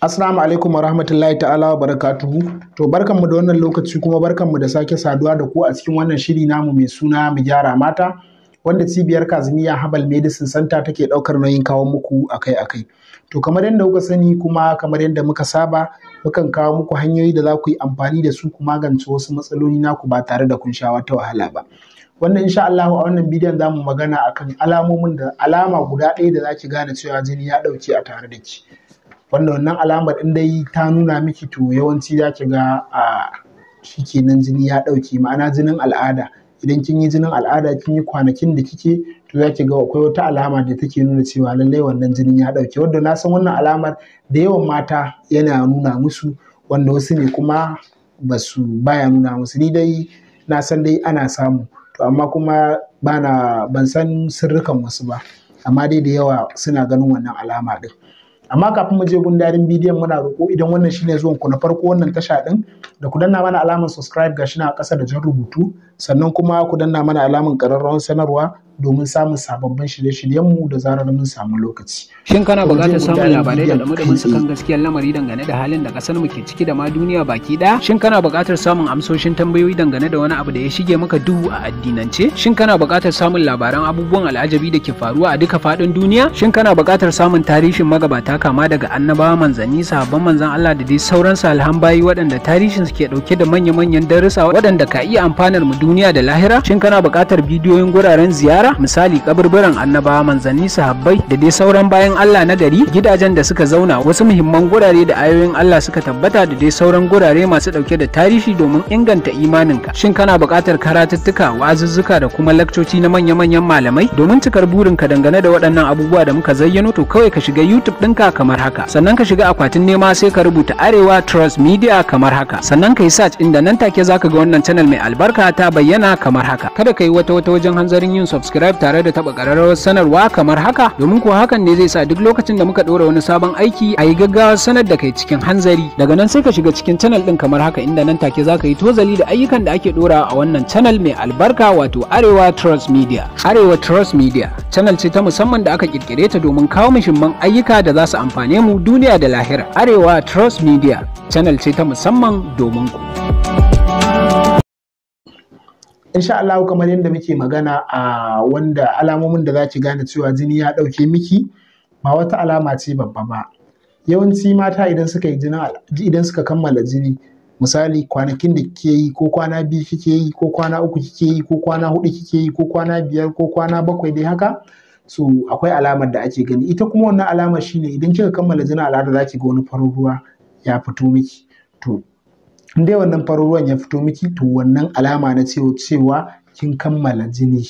Assalamu alaikum wa rahmatullahi ta'ala wa barakatuhu. To barkanmu da wannan lokaci kuma barkanmu da sake saduwa da ku a cikin wannan shiri namu mai suna mu gyara mata wanda cibiyar Kazimiya Habal Medicine Center take daukar nauyin kawo muku akai-akai. To kamar yadda kuka sani kuma kamar yadda muka saba mukan kawo muku hanyoyi da za ku yi amfani da su ku magance wasu matsaloli naku ba tare da kun sha wata wahala ba. Wannan insha Allah a wannan bidiyon zamu magana akan alamomin da alama guda ɗaya da za ki gane cewa jini ya ɗauke a tare da ki. wanda wannan alamar in dai ta nuna miki to yawanci za ki ga a shikenan jini ya ɗauke ma'ana jinin al'ada idan kin yi jinin al'ada kin yi kwanakin da kike to za ki ga akwai wata alama da take nuna cewa lallai wannan jinin ya ɗauke wanda na san wannan alamar da yawan mata yana nuna musu wanda wasu ne kuma ba su baya nuna musu ni dai na san dai ana samu to amma kuma bana ban san sirrukan wasu ba amma dai da yawa suna ganin wannan alama din amma kafin mu je gundarin bidiyon muna roƙo idan wannan shine zuwan ku na farko wannan tasha din da ku danna mana alamar subscribe ga shi na ƙasa da jan rubutu sannan kuma ku danna mana alamar ƙararrawar sanarwa domin samun sababbin shirye-shiryenmu da zarar mun samu lokaci. Shin kana buƙatar samun labarai da dumudumin su kan gaskiyar lamari dangane da halin da ƙasar mu ke ciki da ma duniya baki ɗaya? Shin kana buƙatar samun amsoshin tambayoyi dangane da wani abu da ya shige maka duhu a addinance? Shin kana buƙatar samun labaran abubuwan al'ajabi da ke faruwa a duka faɗin duniya? Shin kana buƙatar samun tarihin magabata kama daga annabawa manzanni sahabban manzan Allah da dai sauran su bayi waɗanda tarihin ke dauke da manya-manyan darussa waɗanda ka iya amfanar mu duniya da lahira shin kana buƙatar bidiyoyin guraren ziyara misali kaburburan annabawa manzanni sahabbai da dai sauran bayan Allah na gari gidajen da suka zauna wasu muhimman gurare da ayoyin Allah suka tabbata da dai sauran gurare masu dauke da tarihi domin inganta imaninka shin kana buƙatar karatuttuka wazuzzuka da kuma lakcoci na manya-manyan malamai domin cikar burin ka dangane da waɗannan abubuwa da muka zayyano to kawai ka shiga YouTube ɗinka kamar haka sannan ka shiga akwatin nema sai ka rubuta Arewa Trust Media kamar haka sannan ka yi search inda nan take za ka ga wannan channel mai albarka ta bayyana kamar haka kada ka yi wata wata wajen hanzarin yin subscribe tare da taba kararrawar sanarwa kamar haka domin ko hakan ne zai sa duk lokacin da muka dora wani sabon aiki a yi gaggawa sanar da kai cikin hanzari daga nan sai ka shiga cikin channel din kamar haka inda nan take za ka yi tozali da ayyukan da ake dora a wannan channel mai albarka wato Arewa Trust Media Arewa Trust Media channel ce ta musamman da aka kirkire ta domin kawo muhimman ayyuka da za su amfane mu duniya da lahira Arewa Trust Media channel ce ta musamman domin domin ku. insha Allah kamar yadda muke magana a wanda alamomin da za ki gane cewa jini ya ɗauke miki ba wata alama ce babba ba yawanci mata idan suka yi idan suka kammala jini misali kwanakin da kike yi ko kwana biyu kike yi ko kwana uku kike yi ko kwana hudu kike yi ko kwana biyar ko kwana bakwai dai haka so akwai alamar da ake gani ita kuma wannan alamar shine idan kika kammala jinin al'ada za ki ga wani farin ruwa ya fito miki to in dai wannan farin ruwan ya fito miki to wannan alama na cewa cewa kin kammala jini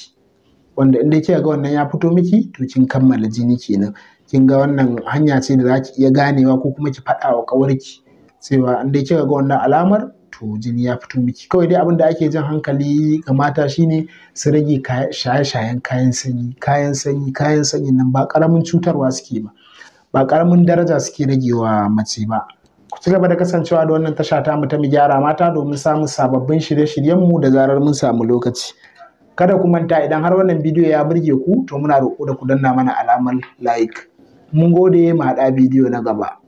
wanda in dai kika ga wannan ya fito miki to kin kammala jini kenan kin ga wannan hanya ce da zaki iya ganewa ko kuma ki faɗa wa kawarki cewa in dai kika ga wannan alamar to jini ya fito miki kawai dai abin da ake jin hankali ga mata shine su rage shaye-shayen kayan sanyi kayan sanyi kayan sanyi nan ba ƙaramin cutarwa suke ba ba ƙaramin daraja suke rage wa mace ba ku ci gaba da kasancewa da wannan tasha ta mu ta mu gyara mata domin samun sababbin shirye shiryen mu da zarar mun samu lokaci kada ku manta idan har wannan bidiyo ya burge ku to muna roƙo da ku danna mana alamar like mun gode mu haɗa bidiyo na gaba